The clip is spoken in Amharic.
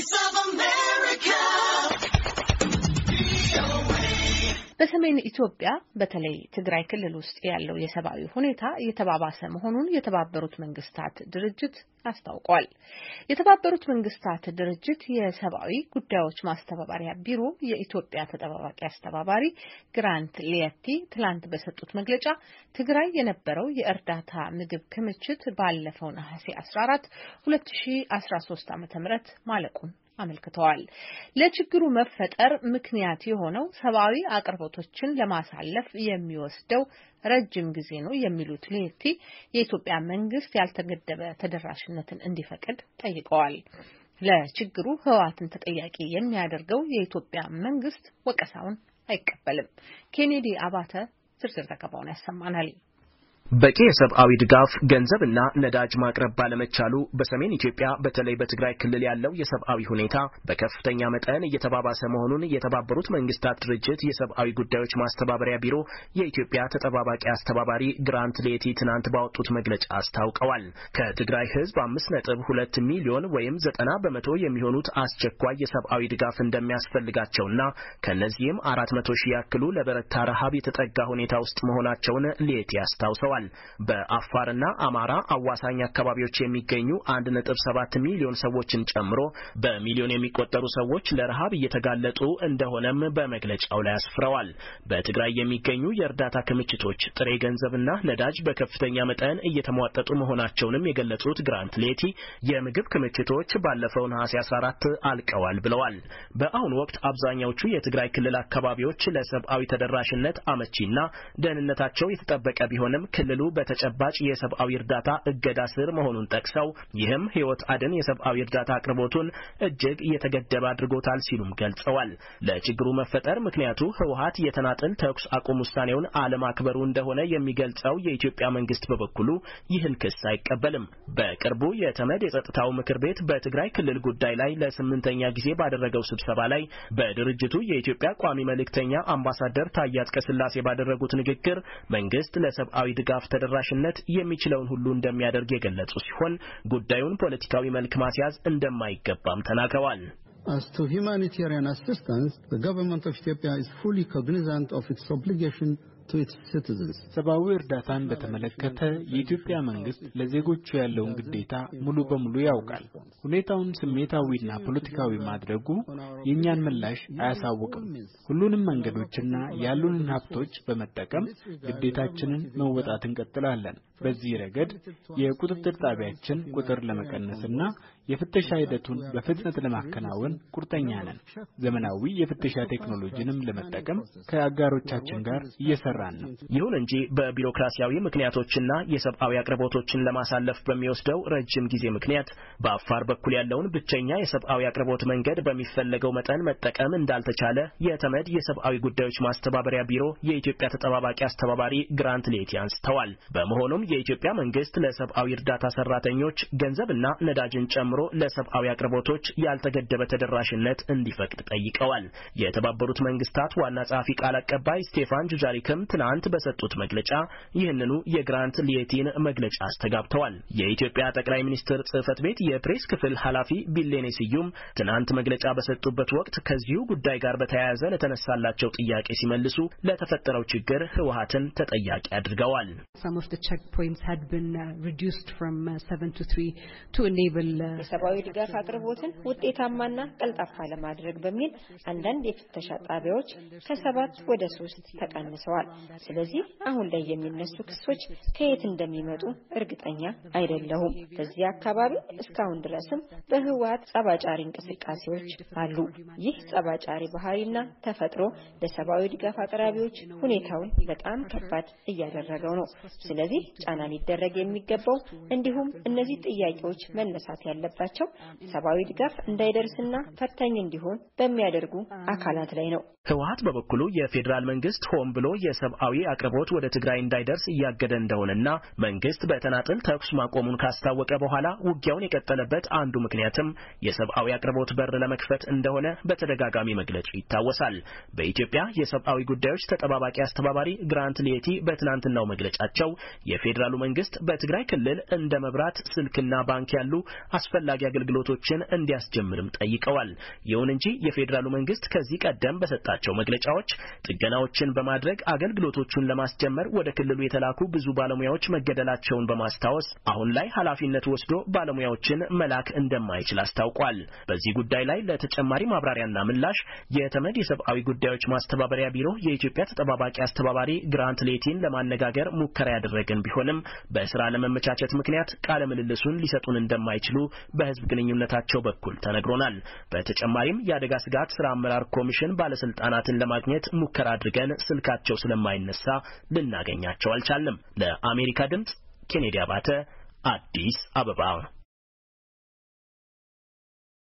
voice of ሰሜን ኢትዮጵያ በተለይ ትግራይ ክልል ውስጥ ያለው የሰብአዊ ሁኔታ እየተባባሰ መሆኑን የተባበሩት መንግስታት ድርጅት አስታውቋል። የተባበሩት መንግስታት ድርጅት የሰብአዊ ጉዳዮች ማስተባበሪያ ቢሮ የኢትዮጵያ ተጠባባቂ አስተባባሪ ግራንት ሊየቲ ትላንት በሰጡት መግለጫ ትግራይ የነበረው የእርዳታ ምግብ ክምችት ባለፈው ነሐሴ 14 2013 ዓ.ም ማለቁን አመልክተዋል። ለችግሩ መፈጠር ምክንያት የሆነው ሰብአዊ አቅርቦቶችን ለማሳለፍ የሚወስደው ረጅም ጊዜ ነው የሚሉት ሌቲ የኢትዮጵያ መንግስት ያልተገደበ ተደራሽነትን እንዲፈቅድ ጠይቀዋል። ለችግሩ ህወሓትን ተጠያቂ የሚያደርገው የኢትዮጵያ መንግስት ወቀሳውን አይቀበልም። ኬኔዲ አባተ ዝርዝር ዘገባውን ያሰማናል። በቂ የሰብአዊ ድጋፍ ገንዘብና ነዳጅ ማቅረብ ባለመቻሉ በሰሜን ኢትዮጵያ በተለይ በትግራይ ክልል ያለው የሰብአዊ ሁኔታ በከፍተኛ መጠን እየተባባሰ መሆኑን የተባበሩት መንግስታት ድርጅት የሰብአዊ ጉዳዮች ማስተባበሪያ ቢሮ የኢትዮጵያ ተጠባባቂ አስተባባሪ ግራንት ሌቲ ትናንት ባወጡት መግለጫ አስታውቀዋል። ከትግራይ ህዝብ አምስት ነጥብ ሁለት ሚሊዮን ወይም ዘጠና በመቶ የሚሆኑት አስቸኳይ የሰብአዊ ድጋፍ እንደሚያስፈልጋቸውና ከእነዚህም አራት መቶ ሺህ ያክሉ ለበረታ ረሃብ የተጠጋ ሁኔታ ውስጥ መሆናቸውን ሌቲ አስታውሰዋል። ገልጸዋል። በአፋርና አማራ አዋሳኝ አካባቢዎች የሚገኙ 1.7 ሚሊዮን ሰዎችን ጨምሮ በሚሊዮን የሚቆጠሩ ሰዎች ለረሃብ እየተጋለጡ እንደሆነም በመግለጫው ላይ አስፍረዋል። በትግራይ የሚገኙ የእርዳታ ክምችቶች ጥሬ ገንዘብና ነዳጅ በከፍተኛ መጠን እየተሟጠጡ መሆናቸውንም የገለጹት ግራንት ሌቲ የምግብ ክምችቶች ባለፈው ነሐሴ 14 አልቀዋል ብለዋል። በአሁኑ ወቅት አብዛኛዎቹ የትግራይ ክልል አካባቢዎች ለሰብአዊ ተደራሽነት አመቺና ደህንነታቸው የተጠበቀ ቢሆንም ክልሉ በተጨባጭ የሰብአዊ እርዳታ እገዳ ስር መሆኑን ጠቅሰው ይህም ሕይወት አድን የሰብአዊ እርዳታ አቅርቦቱን እጅግ እየተገደበ አድርጎታል ሲሉም ገልጸዋል። ለችግሩ መፈጠር ምክንያቱ ህወሀት የተናጥል ተኩስ አቁም ውሳኔውን አለማክበሩ እንደሆነ የሚገልጸው የኢትዮጵያ መንግስት በበኩሉ ይህን ክስ አይቀበልም። በቅርቡ የተመድ የጸጥታው ምክር ቤት በትግራይ ክልል ጉዳይ ላይ ለስምንተኛ ጊዜ ባደረገው ስብሰባ ላይ በድርጅቱ የኢትዮጵያ ቋሚ መልእክተኛ አምባሳደር ታዬ አጽቀሥላሴ ባደረጉት ንግግር መንግስት ለሰብአዊ ድጋፍ ድጋፍ ተደራሽነት የሚችለውን ሁሉ እንደሚያደርግ የገለጹ ሲሆን ጉዳዩን ፖለቲካዊ መልክ ማስያዝ እንደማይገባም ተናግረዋል። As to humanitarian assistance, the government of Ethiopia is fully cognizant of its obligation ሰብአዊ እርዳታን በተመለከተ የኢትዮጵያ መንግስት ለዜጎቹ ያለውን ግዴታ ሙሉ በሙሉ ያውቃል። ሁኔታውን ስሜታዊና ፖለቲካዊ ማድረጉ የእኛን ምላሽ አያሳውቅም። ሁሉንም መንገዶችና ያሉንን ሀብቶች በመጠቀም ግዴታችንን መወጣት እንቀጥላለን። በዚህ ረገድ የቁጥጥር ጣቢያችን ቁጥር ለመቀነስና የፍተሻ ሂደቱን በፍጥነት ለማከናወን ቁርጠኛ ነን። ዘመናዊ የፍተሻ ቴክኖሎጂንም ለመጠቀም ከአጋሮቻችን ጋር እየሰራን ነው። ይሁን እንጂ በቢሮክራሲያዊ ምክንያቶችና የሰብአዊ አቅርቦቶችን ለማሳለፍ በሚወስደው ረጅም ጊዜ ምክንያት በአፋር በኩል ያለውን ብቸኛ የሰብአዊ አቅርቦት መንገድ በሚፈለገው መጠን መጠቀም እንዳልተቻለ የተመድ የሰብአዊ ጉዳዮች ማስተባበሪያ ቢሮ የኢትዮጵያ ተጠባባቂ አስተባባሪ ግራንት ሌቲ አንስተዋል። በመሆኑም የኢትዮጵያ መንግስት ለሰብአዊ እርዳታ ሰራተኞች ገንዘብና ነዳጅን ጨምሮ ጨምሮ ለሰብአዊ አቅርቦቶች ያልተገደበ ተደራሽነት እንዲፈቅድ ጠይቀዋል። የተባበሩት መንግስታት ዋና ጸሐፊ ቃል አቀባይ ስቴፋን ጁጃሪክም ትናንት በሰጡት መግለጫ ይህንኑ የግራንት ሊየቲን መግለጫ አስተጋብተዋል። የኢትዮጵያ ጠቅላይ ሚኒስትር ጽህፈት ቤት የፕሬስ ክፍል ኃላፊ ቢሌኔ ስዩም ትናንት መግለጫ በሰጡበት ወቅት ከዚሁ ጉዳይ ጋር በተያያዘ ለተነሳላቸው ጥያቄ ሲመልሱ ለተፈጠረው ችግር ህወሀትን ተጠያቂ አድርገዋል። የሰብአዊ ድጋፍ አቅርቦትን ውጤታማና ቀልጣፋ ለማድረግ በሚል አንዳንድ የፍተሻ ጣቢያዎች ከሰባት ወደ ሶስት ተቀንሰዋል። ስለዚህ አሁን ላይ የሚነሱ ክሶች ከየት እንደሚመጡ እርግጠኛ አይደለሁም። በዚህ አካባቢ እስካሁን ድረስም በህወሀት ጸባጫሪ እንቅስቃሴዎች አሉ። ይህ ጸባጫሪ ባህሪና ተፈጥሮ ለሰብአዊ ድጋፍ አቅራቢዎች ሁኔታውን በጣም ከባድ እያደረገው ነው። ስለዚህ ጫና ሊደረግ የሚገባው እንዲሁም እነዚህ ጥያቄዎች መነሳት ያለበት ያለባቸው ሰብአዊ ድጋፍ እንዳይደርስና ፈታኝ እንዲሆን በሚያደርጉ አካላት ላይ ነው። ህወሀት በበኩሉ የፌዴራል መንግስት ሆን ብሎ የሰብአዊ አቅርቦት ወደ ትግራይ እንዳይደርስ እያገደ እንደሆነና መንግስት በተናጥል ተኩስ ማቆሙን ካስታወቀ በኋላ ውጊያውን የቀጠለበት አንዱ ምክንያትም የሰብአዊ አቅርቦት በር ለመክፈት እንደሆነ በተደጋጋሚ መግለጹ ይታወሳል። በኢትዮጵያ የሰብአዊ ጉዳዮች ተጠባባቂ አስተባባሪ ግራንት ሌቲ በትናንትናው መግለጫቸው የፌዴራሉ መንግስት በትግራይ ክልል እንደ መብራት፣ ስልክና ባንክ ያሉ አስፈላጊ አገልግሎቶችን እንዲያስጀምርም ጠይቀዋል። ይሁን እንጂ የፌዴራሉ መንግስት ከዚህ ቀደም በሰጣቸው መግለጫዎች ጥገናዎችን በማድረግ አገልግሎቶቹን ለማስጀመር ወደ ክልሉ የተላኩ ብዙ ባለሙያዎች መገደላቸውን በማስታወስ አሁን ላይ ኃላፊነት ወስዶ ባለሙያዎችን መላክ እንደማይችል አስታውቋል። በዚህ ጉዳይ ላይ ለተጨማሪ ማብራሪያና ምላሽ የተመድ የሰብአዊ ጉዳዮች ማስተባበሪያ ቢሮ የኢትዮጵያ ተጠባባቂ አስተባባሪ ግራንት ሌቲን ለማነጋገር ሙከራ ያደረግን ቢሆንም በስራ ለመመቻቸት ምክንያት ቃለ ምልልሱን ሊሰጡን እንደማይችሉ በህዝብ ግንኙነታቸው በኩል ተነግሮናል። በተጨማሪም የአደጋ ስጋት ስራ አመራር ኮሚሽን ባለስልጣናትን ለማግኘት ሙከራ አድርገን ስልካቸው ስለማይነሳ ልናገኛቸው አልቻለም። ለአሜሪካ ድምጽ ኬኔዲ አባተ አዲስ አበባ